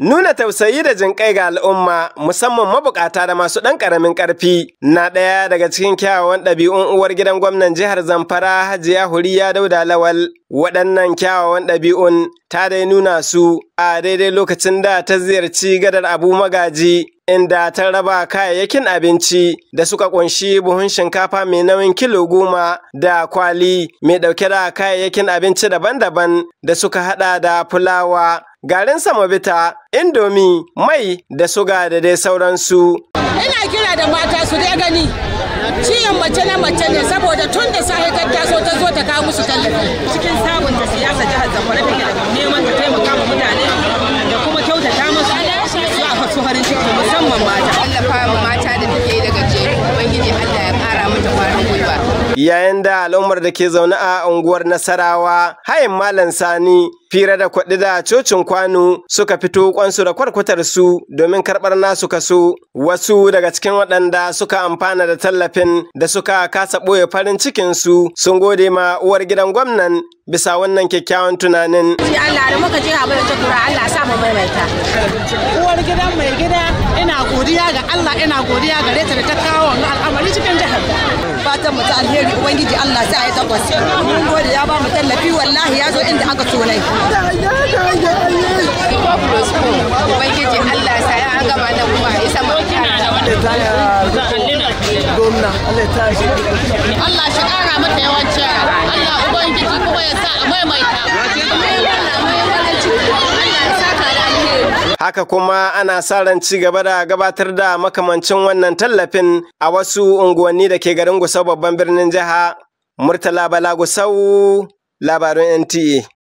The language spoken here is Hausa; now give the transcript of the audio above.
Nuna tausayi da jinƙai ga al'umma musamman mabukata da masu ɗan ƙaramin ƙarfi na ɗaya daga cikin kyawawan ɗabi'un uwar gidan gwamnan jihar Zamfara Hajiya Huriya Dauda Lawal waɗannan kyawawan ɗabi'un ta dai nuna su a daidai lokacin da ta ziyarci gadar abu magaji inda ta raba kayayyakin abinci da suka ƙunshi buhun shinkafa mai nauyin kilo goma da kwali mai ɗauke da kayayyakin abinci daban-daban da suka haɗa da fulawa garin samobita indomi mai da suga da dai sauransu ina kira da mata su dai gani mace na mace ne saboda tun da sahi ta so ta zo ta kawo musu tallafi cikin sabunta siyasa jihar zamfara take da neman ta taimaka ma mutane da kuma kyautata musu zuwa a fasu farin ciki musamman mata tallafa ma mata da take daga jeru ubangiji Allah ya kara mata kwarin gwiwa yayin da al'ummar da ke zaune a unguwar Nasarawa hayin Malam Sani fira da kwaɗi da cocin kwano suka fito kwansu da kwarkwatar su domin karɓar nasu kaso wasu daga cikin waɗanda suka amfana da tallafin da suka kasa ɓoye farin cikin su sun gode ma uwar gidan gwamnan bisa wannan kyakkyawan tunanin. Allah da muka je abin da kura Allah sa mu maimaita. Uwar gidan mai gida ina godiya ga Allah ina godiya gare ta da ta kawo al'amari cikin fatan mu ta alheri ubangiji Allah sai a yi takwas mun gode ya ba mu tallafi wallahi ya zo inda aka so nai ubangiji Allah sai ya gaba da kuma isa mu gwamna Allah ya Allah shi kara mata yawanci Allah Haka kuma ana sa ran ci gaba da gabatar da makamancin wannan tallafin a wasu unguwanni da ke garin Gusau babban birnin jiha. Murtala Balagusau, labarin NTA. E.